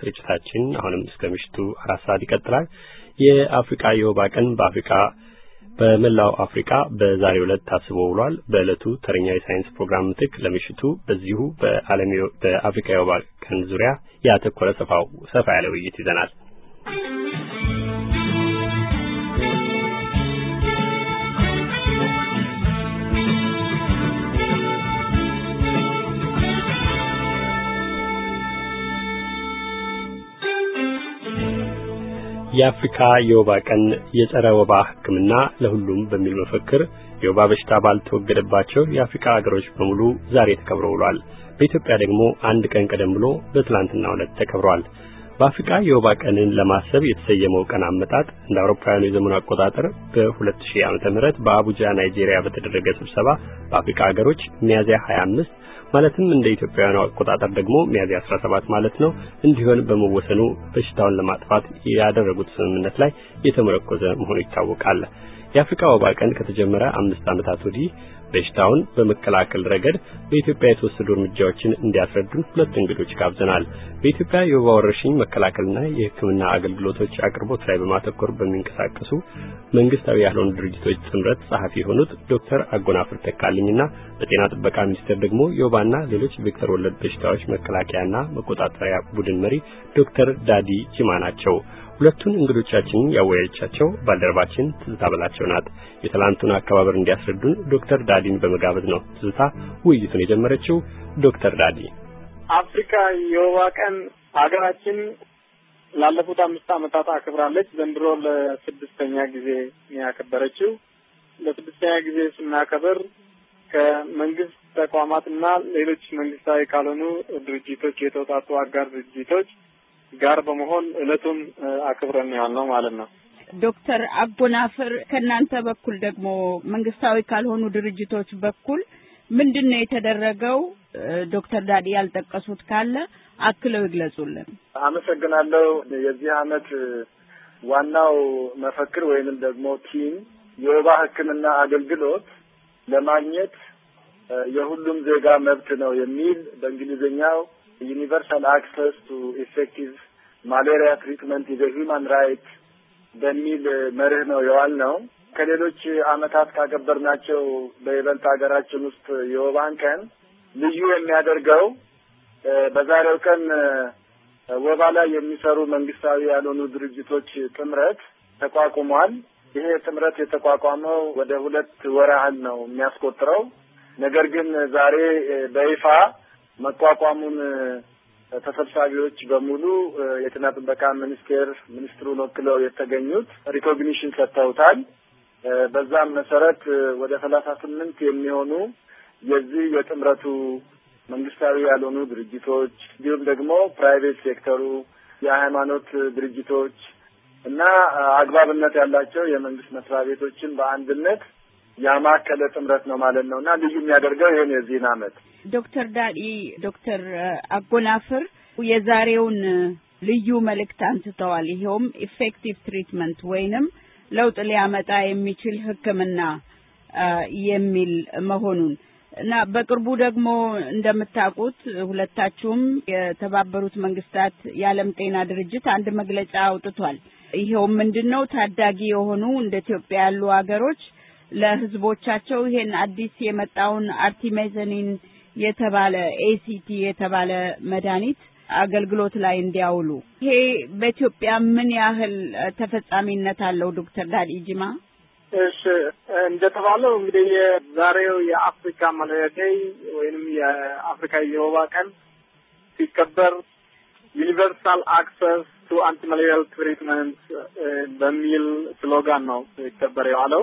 ስርጭታችን አሁንም እስከ ምሽቱ አራት ሰዓት ይቀጥላል። የአፍሪቃ የወባ ቀን በአፍሪካ በመላው አፍሪካ በዛሬው ዕለት ታስቦ ውሏል። በዕለቱ ተረኛ የሳይንስ ፕሮግራም ምትክ ለምሽቱ በዚሁ በዓለም በአፍሪካ የወባ ቀን ዙሪያ ያተኮረ ሰፋ ያለ ውይይት ይዘናል። የአፍሪካ የወባ ቀን የጸረ ወባ ሕክምና ለሁሉም በሚል መፈክር የወባ በሽታ ባልተወገደባቸው የአፍሪካ አገሮች በሙሉ ዛሬ ተከብሮ ውሏል። በኢትዮጵያ ደግሞ አንድ ቀን ቀደም ብሎ በትላንትናው ዕለት ተከብሯል። በአፍሪካ የወባ ቀንን ለማሰብ የተሰየመው ቀን አመጣጥ እንደ አውሮፓውያኑ የዘመኑ አቆጣጠር በ2000 ዓ.ም በአቡጃ ናይጄሪያ በተደረገ ስብሰባ በአፍሪካ ሀገሮች ሚያዝያ 25 ማለትም እንደ ኢትዮጵያውያኑ አቆጣጠር ደግሞ ሚያዝያ 17 ማለት ነው እንዲሆን በመወሰኑ በሽታውን ለማጥፋት ያደረጉት ስምምነት ላይ የተመረኮዘ መሆኑ ይታወቃል። የአፍሪካ ወባ ቀን ከተጀመረ አምስት ዓመታት ወዲህ በሽታውን በመከላከል ረገድ በኢትዮጵያ የተወሰዱ እርምጃዎችን እንዲያስረዱን ሁለት እንግዶች ጋብዘናል። በኢትዮጵያ የወባ ወረርሽኝ መከላከልና የሕክምና አገልግሎቶች አቅርቦት ላይ በማተኮር በሚንቀሳቀሱ መንግስታዊ ያልሆኑ ድርጅቶች ጥምረት ጸሐፊ የሆኑት ዶክተር አጎናፍር ተካልኝና በጤና ጥበቃ ሚኒስቴር ደግሞ የወባና ሌሎች ቬክተር ወለድ በሽታዎች መከላከያና መቆጣጠሪያ ቡድን መሪ ዶክተር ዳዲ ጂማ ናቸው። ሁለቱን እንግዶቻችንን ያወያየቻቸው ባልደረባችን ትዝታ በላቸው ናት። የትላንቱን አከባበር እንዲያስረዱን ዶክተር ዳዲን በመጋበዝ ነው ትዝታ ውይይቱን የጀመረችው። ዶክተር ዳዲ አፍሪካ የወባ ቀን ሀገራችን ላለፉት አምስት ዓመታት አክብራለች። ዘንድሮ ለስድስተኛ ጊዜ ያከበረችው። ለስድስተኛ ጊዜ ስናከብር ከመንግስት ተቋማትና ሌሎች መንግስታዊ ካልሆኑ ድርጅቶች የተውጣጡ አጋር ድርጅቶች ጋር በመሆን እለቱን አክብረን ነው ማለት ነው። ዶክተር አጎናፍር ከእናንተ በኩል ደግሞ መንግስታዊ ካልሆኑ ድርጅቶች በኩል ምንድን ነው የተደረገው? ዶክተር ዳዲ ያልጠቀሱት ካለ አክለው ይግለጹልን። አመሰግናለሁ። የዚህ አመት ዋናው መፈክር ወይንም ደግሞ ቲም የወባ ሕክምና አገልግሎት ለማግኘት የሁሉም ዜጋ መብት ነው የሚል በእንግሊዝኛው ዩኒቨርሳል አክሰስ ቱ ኢፌክቲቭ ማሌሪያ ትሪትመንት ኢዘ ሂማን ራይት በሚል መርህ ነው የዋል ነው። ከሌሎች አመታት ካገበርናቸው በይበልጥ ሀገራችን ውስጥ የወባን ቀን ልዩ የሚያደርገው በዛሬው ቀን ወባ ላይ የሚሰሩ መንግስታዊ ያልሆኑ ድርጅቶች ጥምረት ተቋቁሟል። ይሄ ጥምረት የተቋቋመው ወደ ሁለት ወር ያህል ነው የሚያስቆጥረው። ነገር ግን ዛሬ በይፋ መቋቋሙን ተሰብሳቢዎች በሙሉ የጤና ጥበቃ ሚኒስቴር ሚኒስትሩን ወክለው የተገኙት ሪኮግኒሽን ሰጥተውታል። በዛም መሰረት ወደ ሰላሳ ስምንት የሚሆኑ የዚህ የጥምረቱ መንግስታዊ ያልሆኑ ድርጅቶች እንዲሁም ደግሞ ፕራይቬት ሴክተሩ፣ የሃይማኖት ድርጅቶች እና አግባብነት ያላቸው የመንግስት መስሪያ ቤቶችን በአንድነት ያማከለ ጥምረት ነው ማለት ነው እና ልዩ የሚያደርገው ይህን የዚህን አመት ዶክተር ዳዲ ዶክተር አጎናፍር የዛሬውን ልዩ መልእክት አንስተዋል። ይኸውም ኢፌክቲቭ ትሪትመንት ወይንም ለውጥ ሊያመጣ የሚችል ሕክምና የሚል መሆኑን እና በቅርቡ ደግሞ እንደምታውቁት ሁለታችሁም የተባበሩት መንግስታት የዓለም ጤና ድርጅት አንድ መግለጫ አውጥቷል። ይኸውም ምንድን ነው ታዳጊ የሆኑ እንደ ኢትዮጵያ ያሉ ሀገሮች ለህዝቦቻቸው ይሄን አዲስ የመጣውን አርቲሜዘኒን የተባለ ኤሲቲ የተባለ መድኃኒት አገልግሎት ላይ እንዲያውሉ ይሄ በኢትዮጵያ ምን ያህል ተፈጻሚነት አለው? ዶክተር ዳዲ ጅማ። እሺ እንደተባለው እንግዲህ የዛሬው የአፍሪካ ማላሪያ ቀይ ወይንም የአፍሪካ የወባ ቀን ሲከበር ዩኒቨርሳል አክሰስ ቱ አንቲ አንቲማላሪያል ትሪትመንት በሚል ስሎጋን ነው ሲከበር የዋለው።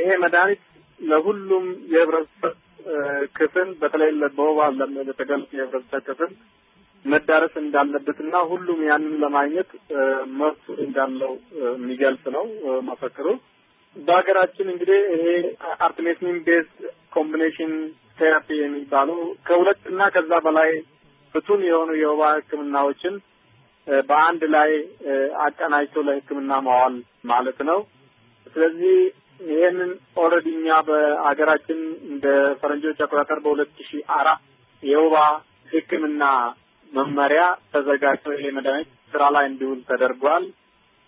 ይሄ መድኃኒት ለሁሉም የህብረተሰብ ክፍል በተለይ በወባ ለተገለጸ የህብረተሰብ ክፍል መዳረስ እንዳለበትና ሁሉም ያንን ለማግኘት መብቱ እንዳለው የሚገልጽ ነው መፈክሩ። በሀገራችን እንግዲህ ይሄ አርትሜስኒን ቤዝ ኮምቢኔሽን ቴራፒ የሚባለው ከሁለት እና ከዛ በላይ ፍቱን የሆኑ የወባ ህክምናዎችን በአንድ ላይ አቀናጅቶ ለህክምና ማዋል ማለት ነው። ስለዚህ ይህንን ኦልሬዲ እኛ በሀገራችን እንደ ፈረንጆች አቆጣጠር በሁለት ሺ አራት የውባ ህክምና መመሪያ ተዘጋጅቶ ይሄ መድኃኒት ስራ ላይ እንዲውል ተደርጓል።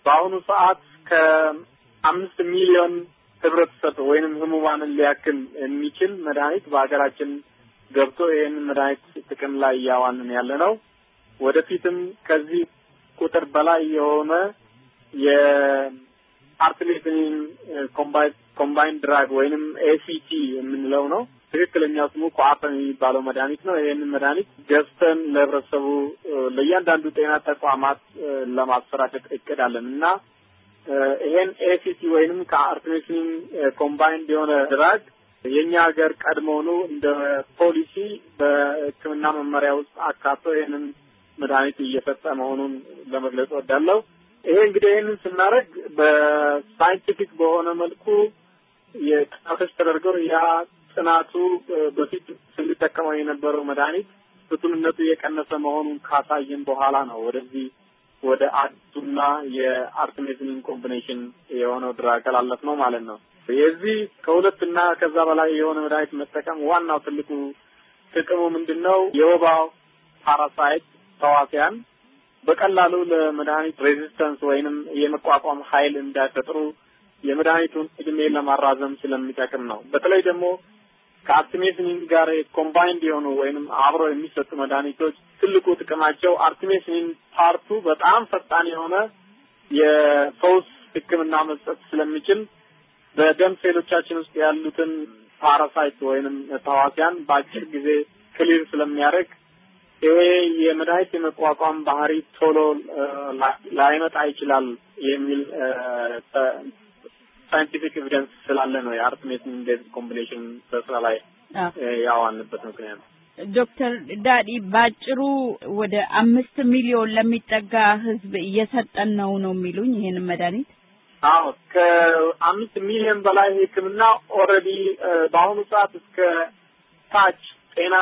በአሁኑ ሰዓት ከአምስት ሚሊዮን ህብረተሰብ ወይንም ህሙማንን ሊያክል የሚችል መድኃኒት በሀገራችን ገብቶ ይህንን መድኃኒት ጥቅም ላይ እያዋንን ያለ ነው። ወደፊትም ከዚህ ቁጥር በላይ የሆነ አርትሜትኒን ኮምባይን ድራግ ወይንም ኤሲቲ የምንለው ነው። ትክክለኛ ስሙ ኮአፕን የሚባለው መድኃኒት ነው። ይህንን መድኃኒት ገዝተን ለህብረተሰቡ ለእያንዳንዱ ጤና ተቋማት ለማሰራጨት እቅዳለን እና ይሄን ኤሲቲ ወይንም ከአርትሜትኒን ኮምባይንድ የሆነ ድራግ የእኛ ሀገር ቀድሞውኑ እንደ ፖሊሲ በሕክምና መመሪያ ውስጥ አካቶ ይህንን መድኃኒት እየሰጠ መሆኑን ለመግለጽ ወዳለው ይሄ እንግዲህ ይህንን ስናደርግ በሳይንቲፊክ በሆነ መልኩ የጥናቶች ተደርገው ያ ጥናቱ በፊት ስንጠቀመው የነበረው መድኃኒት ፍቱንነቱ የቀነሰ መሆኑን ካሳየን በኋላ ነው ወደዚህ ወደ አዲሱና የአርትሜዝኒን ኮምቢኔሽን የሆነው ድራግ ላለፍ ነው ማለት ነው። የዚህ ከሁለት እና ከዛ በላይ የሆነ መድኃኒት መጠቀም ዋናው ትልቁ ጥቅሙ ምንድን ነው? የወባው ፓራሳይት ተዋሲያን በቀላሉ ለመድኃኒት ሬዚስተንስ ወይንም የመቋቋም ኃይል እንዳይፈጥሩ የመድኃኒቱን እድሜ ለማራዘም ስለሚጠቅም ነው። በተለይ ደግሞ ከአርቲሜስኒን ጋር ኮምባይንድ የሆኑ ወይንም አብረው የሚሰጡ መድኃኒቶች ትልቁ ጥቅማቸው አርቲሜስኒን ፓርቱ በጣም ፈጣን የሆነ የፈውስ ሕክምና መስጠት ስለሚችል በደም ሴሎቻችን ውስጥ ያሉትን ፓራሳይት ወይንም ተዋሲያን በአጭር ጊዜ ክሊር ስለሚያደርግ ይሄ የመድኃኒት የመቋቋም ባህሪ ቶሎ ላይመጣ ይችላል የሚል ሳይንቲፊክ ኤቪደንስ ስላለ ነው የአርትሜት ቤዝድ ኮምቢኔሽን በስራ ላይ ያዋንበት ምክንያት ነው። ዶክተር ዳዲ ባጭሩ ወደ አምስት ሚሊዮን ለሚጠጋ ህዝብ እየሰጠን ነው ነው የሚሉኝ ይህን መድኃኒት? አዎ ከአምስት ሚሊዮን በላይ ህክምና ኦልሬዲ በአሁኑ ሰዓት እስከ ታች ጤና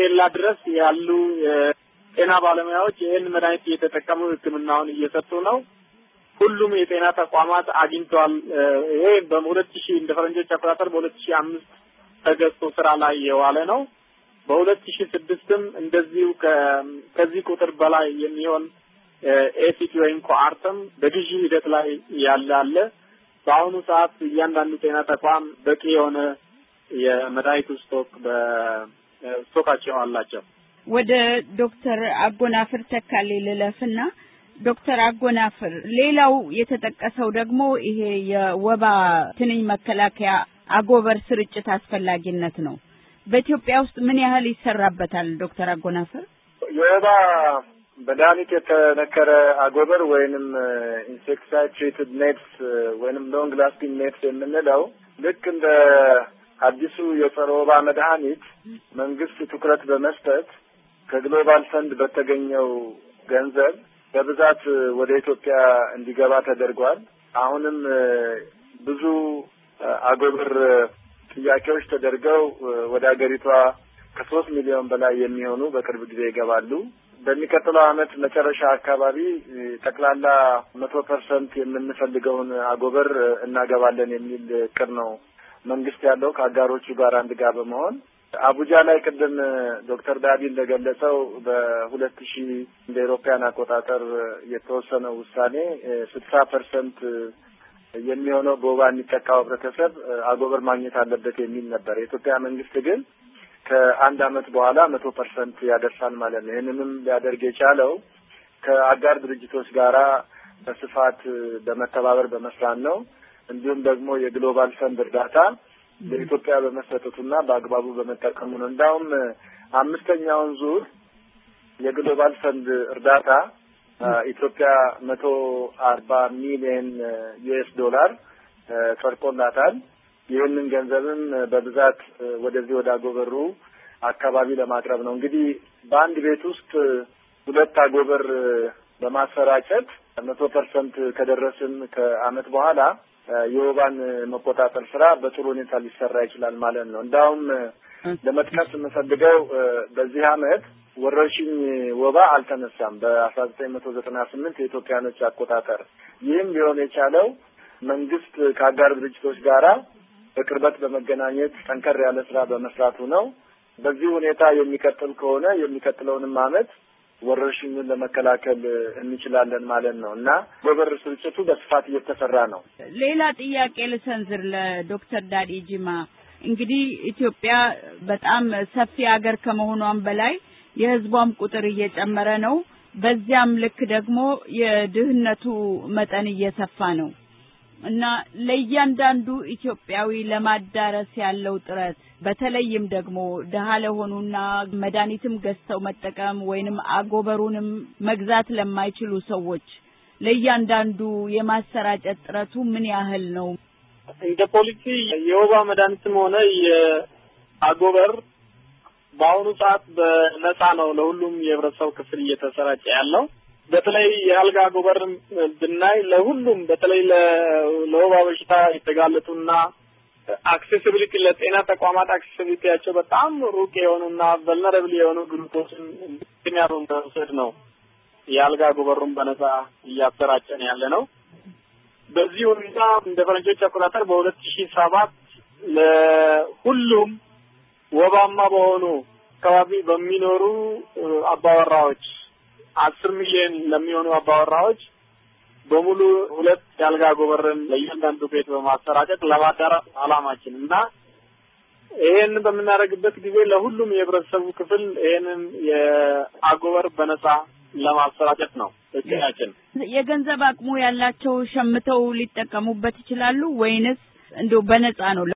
ኬላ ድረስ ያሉ የጤና ባለሙያዎች ይህን መድኃኒት እየተጠቀሙ ህክምናውን እየሰጡ ነው። ሁሉም የጤና ተቋማት አግኝተዋል። ይሄ በሁለት ሺ እንደ ፈረንጆች አቆጣጠር በሁለት ሺ አምስት ተገዝቶ ስራ ላይ የዋለ ነው። በሁለት ሺ ስድስትም እንደዚሁ ከዚህ ቁጥር በላይ የሚሆን ኤሲቲ ወይም ኮአርተም በግዢ ሂደት ላይ ያለ አለ። በአሁኑ ሰዓት እያንዳንዱ ጤና ተቋም በቂ የሆነ የመድኃኒቱ ስቶክ ስቶካቸው አላቸው። ወደ ዶክተር አጎናፍር ተካሌ ልለፍና ዶክተር አጎናፍር ሌላው የተጠቀሰው ደግሞ ይሄ የወባ ትንኝ መከላከያ አጎበር ስርጭት አስፈላጊነት ነው። በኢትዮጵያ ውስጥ ምን ያህል ይሰራበታል? ዶክተር አጎናፍር የወባ በድሀኒት የተነከረ አጎበር ወይንም ኢንሴክቲሳይድ ትሪትድ ኔትስ ወይንም ሎንግ ላስቲንግ ኔትስ የምንለው ልክ እንደ አዲሱ የጸረ ወባ መድኃኒት መንግስት ትኩረት በመስጠት ከግሎባል ፈንድ በተገኘው ገንዘብ በብዛት ወደ ኢትዮጵያ እንዲገባ ተደርጓል። አሁንም ብዙ አጎብር ጥያቄዎች ተደርገው ወደ ሀገሪቷ ከሶስት ሚሊዮን በላይ የሚሆኑ በቅርብ ጊዜ ይገባሉ። በሚቀጥለው ዓመት መጨረሻ አካባቢ ጠቅላላ መቶ ፐርሰንት የምንፈልገውን አጎበር እናገባለን የሚል እቅድ ነው መንግስት ያለው ከአጋሮቹ ጋር አንድ ጋር በመሆን አቡጃ ላይ ቅድም ዶክተር ዳቢ እንደገለጸው በሁለት ሺ እንደ ኤሮፓያን አቆጣጠር የተወሰነው ውሳኔ ስልሳ ፐርሰንት የሚሆነው በወባ የሚጠቃው ህብረተሰብ አጎበር ማግኘት አለበት የሚል ነበር። የኢትዮጵያ መንግስት ግን ከአንድ አመት በኋላ መቶ ፐርሰንት ያደርሳል ማለት ነው። ይህንንም ሊያደርግ የቻለው ከአጋር ድርጅቶች ጋራ በስፋት በመተባበር በመስራት ነው። እንዲሁም ደግሞ የግሎባል ፈንድ እርዳታ ለኢትዮጵያ በመሰጠቱና በአግባቡ በመጠቀሙ ነው። እንዳውም አምስተኛውን ዙር የግሎባል ፈንድ እርዳታ ኢትዮጵያ መቶ አርባ ሚሊየን ዩኤስ ዶላር ጸድቆላታል። ይህንን ገንዘብም በብዛት ወደዚህ ወደ አጎበሩ አካባቢ ለማቅረብ ነው። እንግዲህ በአንድ ቤት ውስጥ ሁለት አጎበር በማሰራጨት መቶ ፐርሰንት ከደረስን ከአመት በኋላ የወባን መቆጣጠር ስራ በጥሩ ሁኔታ ሊሰራ ይችላል ማለት ነው። እንዳውም ለመጥቀስ የምፈልገው በዚህ አመት ወረርሽኝ ወባ አልተነሳም በአስራ ዘጠኝ መቶ ዘጠና ስምንት የኢትዮጵያኖች አቆጣጠር። ይህም ሊሆን የቻለው መንግስት ከአጋር ድርጅቶች ጋራ በቅርበት በመገናኘት ጠንከር ያለ ስራ በመስራቱ ነው። በዚህ ሁኔታ የሚቀጥል ከሆነ የሚቀጥለውንም አመት ወረርሽኙን ለመከላከል እንችላለን ማለት ነው እና በበር ስርጭቱ በስፋት እየተሰራ ነው። ሌላ ጥያቄ ልሰንዝር ለዶክተር ዳዲ ጂማ። እንግዲህ ኢትዮጵያ በጣም ሰፊ ሀገር ከመሆኗም በላይ የህዝቧም ቁጥር እየጨመረ ነው። በዚያም ልክ ደግሞ የድህነቱ መጠን እየሰፋ ነው። እና ለእያንዳንዱ ኢትዮጵያዊ ለማዳረስ ያለው ጥረት በተለይም ደግሞ ድሀ ለሆኑና መድኃኒትም ገዝተው መጠቀም ወይንም አጎበሩንም መግዛት ለማይችሉ ሰዎች ለእያንዳንዱ የማሰራጨት ጥረቱ ምን ያህል ነው? እንደ ፖሊሲ የወባ መድኃኒትም ሆነ የአጎበር በአሁኑ ሰዓት በነፃ ነው ለሁሉም የህብረተሰብ ክፍል እየተሰራጨ ያለው። በተለይ የአልጋ ጎበርን ብናይ ለሁሉም በተለይ ለወባ በሽታ የተጋለጡና አክሴሲቢሊቲ ለጤና ተቋማት አክሴሲቢሊቲያቸው በጣም ሩቅ የሆኑና ቨልነረብል የሆኑ ግሩፖችን ምክንያቱ በመውሰድ ነው የአልጋ ጎበሩን በነጻ እያሰራጨን ያለ ነው። በዚህ ሁኔታ እንደ ፈረንጆች አቆጣጠር በሁለት ሺ ሰባት ለሁሉም ወባማ በሆኑ አካባቢ በሚኖሩ አባወራዎች አስር ሚሊዮን ለሚሆኑ አባወራዎች በሙሉ ሁለት የአልጋ ጎበርን ለእያንዳንዱ ቤት በማሰራጨት ለማዳረስ አላማችን እና ይሄንን በምናደርግበት ጊዜ ለሁሉም የህብረተሰቡ ክፍል ይሄንን የአጎበር በነጻ ለማሰራጨት ነው እቅዳችን። የገንዘብ አቅሙ ያላቸው ሸምተው ሊጠቀሙበት ይችላሉ ወይንስ እንዲሁ በነጻ ነው?